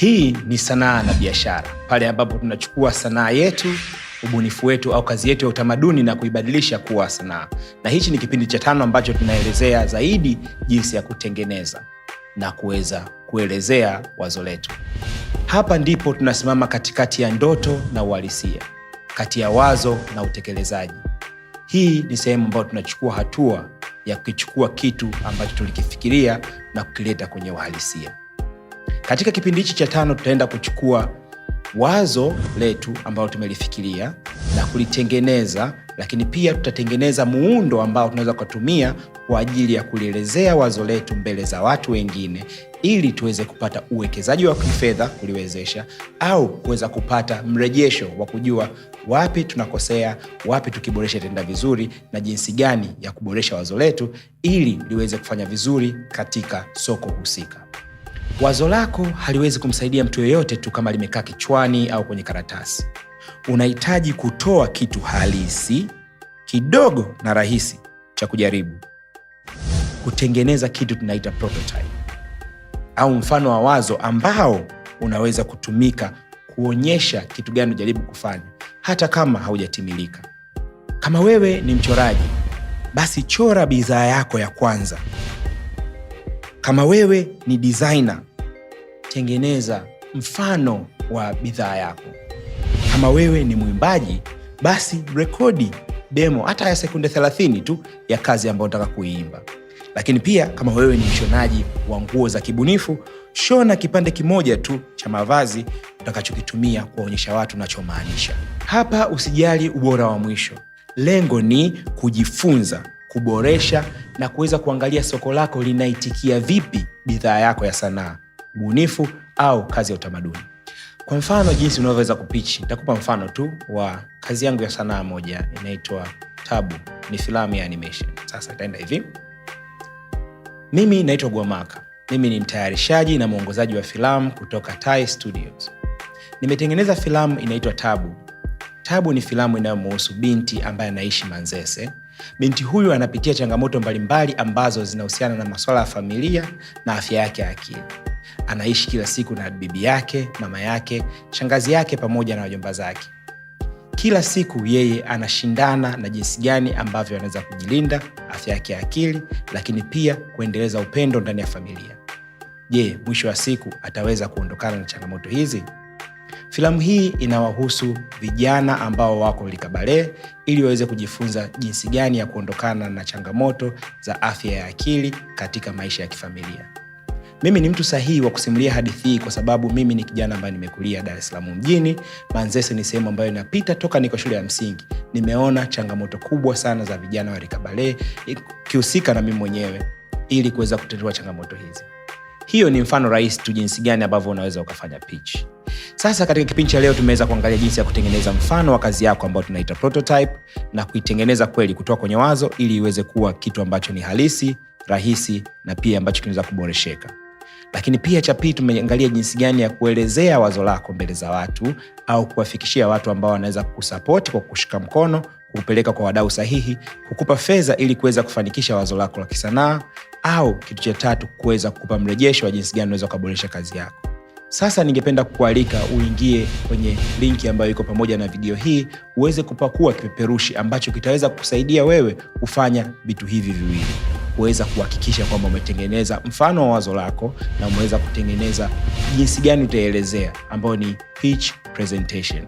Hii ni sanaa na biashara, pale ambapo tunachukua sanaa yetu, ubunifu wetu au kazi yetu ya utamaduni na kuibadilisha kuwa sanaa. Na hichi ni kipindi cha tano ambacho tunaelezea zaidi jinsi ya kutengeneza na kuweza kuelezea wazo letu. Hapa ndipo tunasimama katikati ya ndoto na uhalisia, kati ya wazo na utekelezaji. Hii ni sehemu ambayo tunachukua hatua ya kukichukua kitu ambacho tulikifikiria na kukileta kwenye uhalisia. Katika kipindi hichi cha tano tutaenda kuchukua wazo letu ambalo tumelifikiria na kulitengeneza, lakini pia tutatengeneza muundo ambao tunaweza kukatumia kwa ajili ya kulielezea wazo letu mbele za watu wengine, ili tuweze kupata uwekezaji wa kifedha kuliwezesha, au kuweza kupata mrejesho wa kujua wapi tunakosea, wapi tukiboresha tenda vizuri, na jinsi gani ya kuboresha wazo letu ili liweze kufanya vizuri katika soko husika. Wazo lako haliwezi kumsaidia mtu yoyote tu kama limekaa kichwani au kwenye karatasi. Unahitaji kutoa kitu halisi, kidogo na rahisi cha kujaribu, kutengeneza kitu tunaita prototype au mfano wa wazo ambao unaweza kutumika kuonyesha kitu gani unajaribu kufanya, hata kama haujatimilika. Kama wewe ni mchoraji, basi chora bidhaa yako ya kwanza. Kama wewe ni designer, tengeneza mfano wa bidhaa yako. Kama wewe ni mwimbaji, basi rekodi demo hata ya sekunde 30 tu ya kazi ambayo unataka kuiimba. Lakini pia kama wewe ni mshonaji wa nguo za kibunifu, shona kipande kimoja tu cha mavazi utakachokitumia kuwaonyesha watu unachomaanisha. Hapa usijali ubora wa mwisho, lengo ni kujifunza, kuboresha na kuweza kuangalia soko lako linaitikia vipi bidhaa yako ya sanaa ubunifu au kazi ya utamaduni. Kwa mfano, jinsi unavyoweza kupichi, nitakupa mfano tu wa kazi yangu ya sanaa moja, inaitwa Tabu, ni filamu ya animation. Sasa itaenda hivi: mimi naitwa Gwamaka, mimi ni mtayarishaji na mwongozaji wa filamu kutoka Tai Studios. Nimetengeneza filamu inaitwa Tabu. Tabu ni filamu inayomuhusu binti ambaye anaishi Manzese Binti huyu anapitia changamoto mbalimbali ambazo zinahusiana na masuala ya familia na afya yake ya akili. Anaishi kila siku na bibi yake, mama yake, shangazi yake pamoja na wajomba zake. Kila siku yeye anashindana na jinsi gani ambavyo anaweza kujilinda afya yake ya akili, lakini pia kuendeleza upendo ndani ya familia. Je, mwisho wa siku ataweza kuondokana na changamoto hizi? Filamu hii inawahusu vijana ambao wako likabale ili waweze kujifunza jinsi gani ya kuondokana na changamoto za afya ya akili katika maisha ya kifamilia. Mimi ni mtu sahihi wa kusimulia hadithi hii kwa sababu mimi ni kijana ambaye nimekulia Dar es Salaam mjini. Manzese ni sehemu ambayo inapita toka niko shule ya msingi. Nimeona changamoto kubwa sana za vijana wa likabale ikihusika na mimi mwenyewe ili kuweza kutatua changamoto hizi. Hiyo ni mfano rahisi tu jinsi gani ambavyo unaweza ukafanya pitch. Sasa katika kipindi cha leo tumeweza kuangalia jinsi ya kutengeneza mfano wa kazi yako ambao tunaita prototype na kuitengeneza kweli kutoka kwenye wazo ili iweze kuwa kitu ambacho ni halisi, rahisi na pia ambacho kinaweza kuboresheka. Lakini pia cha pili tumeangalia jinsi gani ya kuelezea wazo lako mbele za watu au kuwafikishia watu ambao wanaweza kusapoti kwa kushika mkono, kupeleka kwa wadau sahihi, kukupa fedha ili kuweza kufanikisha wazo lako la kisanaa, au kitu cha tatu, kuweza kukupa mrejesho wa jinsi gani unaweza ukaboresha kazi yako. Sasa ningependa kukualika uingie kwenye linki ambayo iko pamoja na video hii uweze kupakua kipeperushi ambacho kitaweza kukusaidia wewe kufanya vitu hivi viwili, kuweza kuhakikisha kwamba umetengeneza mfano wa wazo lako na umeweza kutengeneza jinsi gani utaelezea, ambayo ni pitch presentation.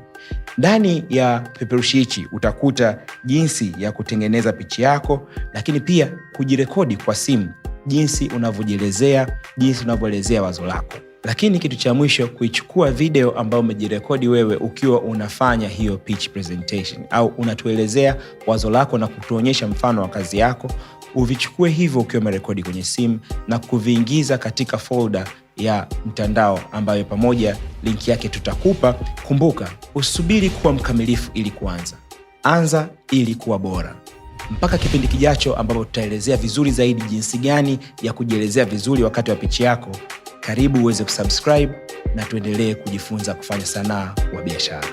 Ndani ya kipeperushi hichi utakuta jinsi ya kutengeneza pichi yako, lakini pia kujirekodi kwa simu, jinsi unavyojielezea, jinsi unavyoelezea wazo lako. Lakini kitu cha mwisho, kuichukua video ambayo umejirekodi wewe ukiwa unafanya hiyo pitch presentation au unatuelezea wazo lako na kutuonyesha mfano wa kazi yako, uvichukue hivyo ukiwa umerekodi kwenye simu na kuviingiza katika folda ya mtandao ambayo pamoja linki yake tutakupa. Kumbuka, usubiri kuwa mkamilifu ili kuanza, anza ili kuwa bora. Mpaka kipindi kijacho, ambapo tutaelezea vizuri zaidi jinsi gani ya kujielezea vizuri wakati wa pichi yako. Karibu uweze kusubscribe na tuendelee kujifunza kufanya sanaa wa biashara.